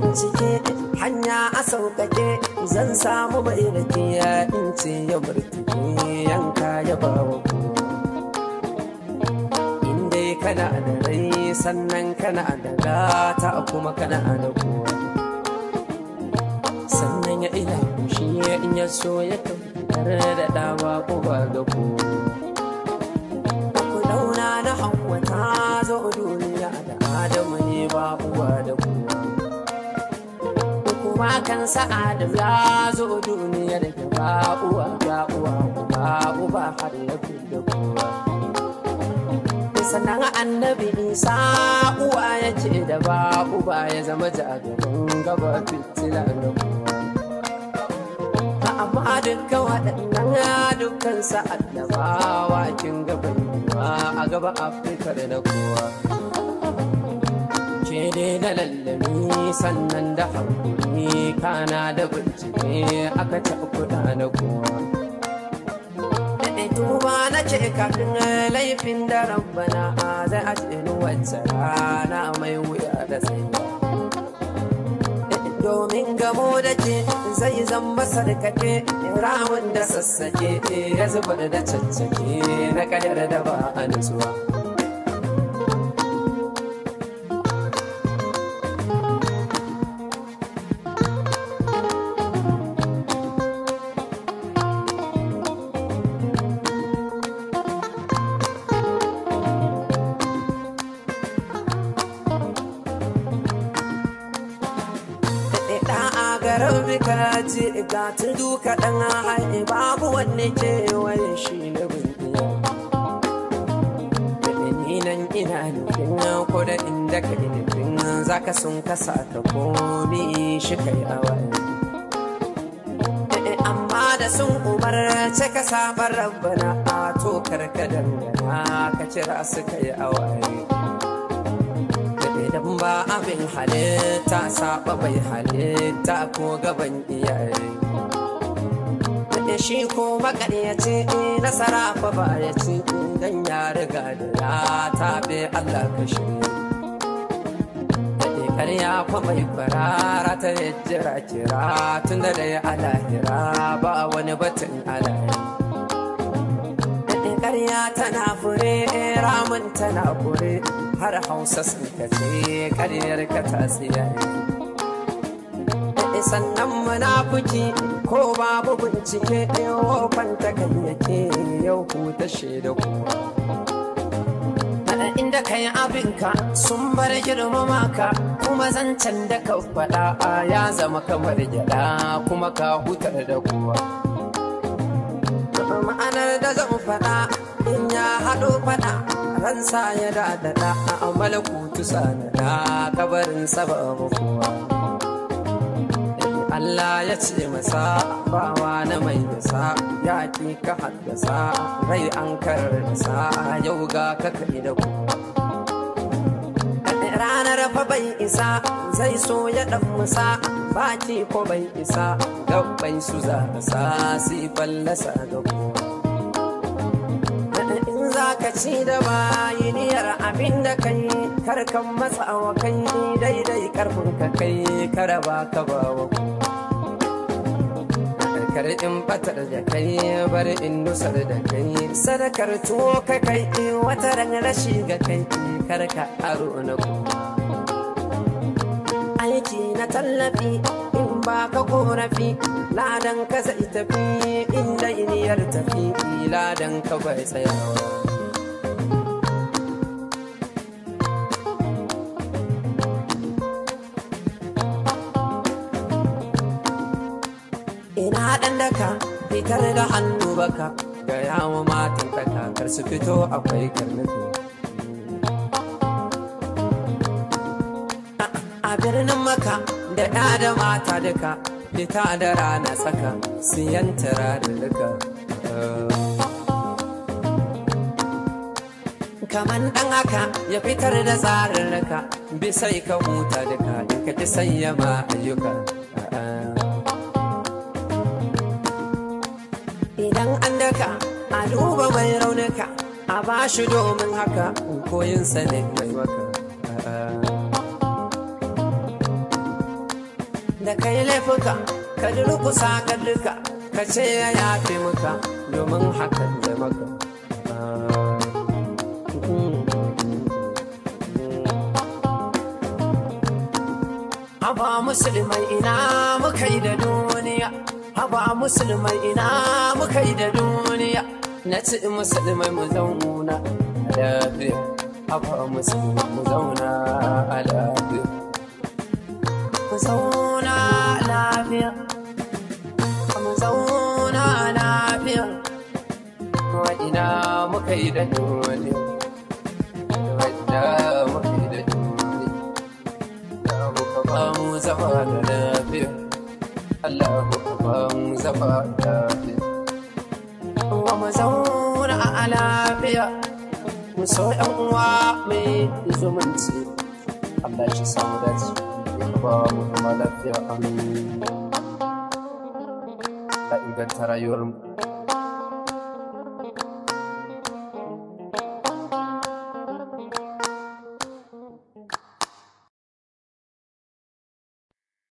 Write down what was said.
bincike hanya a sauƙaƙe zan samu bai rake ya in ce ya barki yanka ya bawa kuma kana da rai sannan kana da gata kuma kana da kowa sannan ya ila shi in ya so ya kamar da dawa ba ga kowa ku dauna na hawa ta zo duniya da adamu ne ba uwa da Ku kuma kan adam ya zo duniya da ba uwa ga uwa uba uba har ya fi da kowa sanan annabi isa uwa ya ce da ba uba ya zama jarumin gaba fitila amma dukkan waɗannan dukkan sa'ad da bawa gaba a gaba afirka da na kowa ke dai da lallami sannan da hankali kana da bincike aka taɓa kuɗa na kowa ce kafin laifin da rabbana zai ajiye ni wacce rana mai wuya da tsayi domin gamo da ke zai zan masa da kake ramin da sassake ya zuba da caccake na kadar da ba a nutsuwa. rabi ka ce ga tudu kaɗan ai babu wanne kewaye shi na bindiya. Ni nan ina nufin ko da inda ka yi nufin za ka sun kasa ka komi shi kai awa. Eh, amma da sun umarce ka sabar rabbana a to karka dangana ka cira su a awa. idan ba abin halitta saba bai halitta ko gaban iyaye da shi ko makaryaci eh, na sarrafa ba ya ci dan ya riga da ta be Allah ka shi karya fa mai farara ta jira kira tun da dai alahira ba wani batun alayi karya tana fure eh, ramin tana fure har hausa suka ce karyar ka ta eh, sannan munafuki ko babu bincike ɗewo eh, kwanta kai yake yau ku da shaida ku inda ka yi abinka sun bar girmama ka kuma zancen da ka faɗa ya zama kamar gyaɗa kuma ka hutar da kowa ma'anar da zan faɗa in ya haɗo faɗa ransa ya dadada a malakutu sanada kabarin sababu kuwa Allah ya ce masa bawa na mai nasa ya ke ka haddasa rai an karnasa yau ga ka kai da ranar fa isa zai so ya dan musa baki ko bai isa gabbai su za sa si fallasa ga kowa lokaci da yi niyar abin da kan karkan masa wa kan daidai karfin ka kai karaba ka ba bawa kar in fatar da kai bar in nusar da kai sadakar tuwo ka kai wata ran rashi ga kai kar aro na ku aiki na tallafi in ba ka korafi ladan ka zai tafi inda iniyar tafi ladan ka bai tsayawa daka fitar da hannu baka ga yawo matan daka kar su fito akwai karnufi a birnin maka da ya da mata duka fita da rana tsaka siyan duka kaman ɗan haka ya fitar da tsarurruka bisa ka huta duka duka ta sanya ma ayyuka idan an daka a duba mai raunuka a ba shi domin haka koyin sanin mai da kai laifuka ka durkusa ka duka ka ce ya yafe muka domin haka. zai maka Aba musulmai ina muka yi da duniya haba musulmai ina muka yi da duniya na ci musulmai mu zauna a lafiya haba musulmai mu zauna a lafiya mu zauna lafiya mu zauna lafiya wa ina muka yi da duniya wadda muka yi da duniya mu zama da lafiya Allah zama lafiya eh, mu zauna a lafiya mu so yan uwa mai zumunci Allah shi samu dace ya ba mu kuma lafiya amin ta inganta rayuwar mu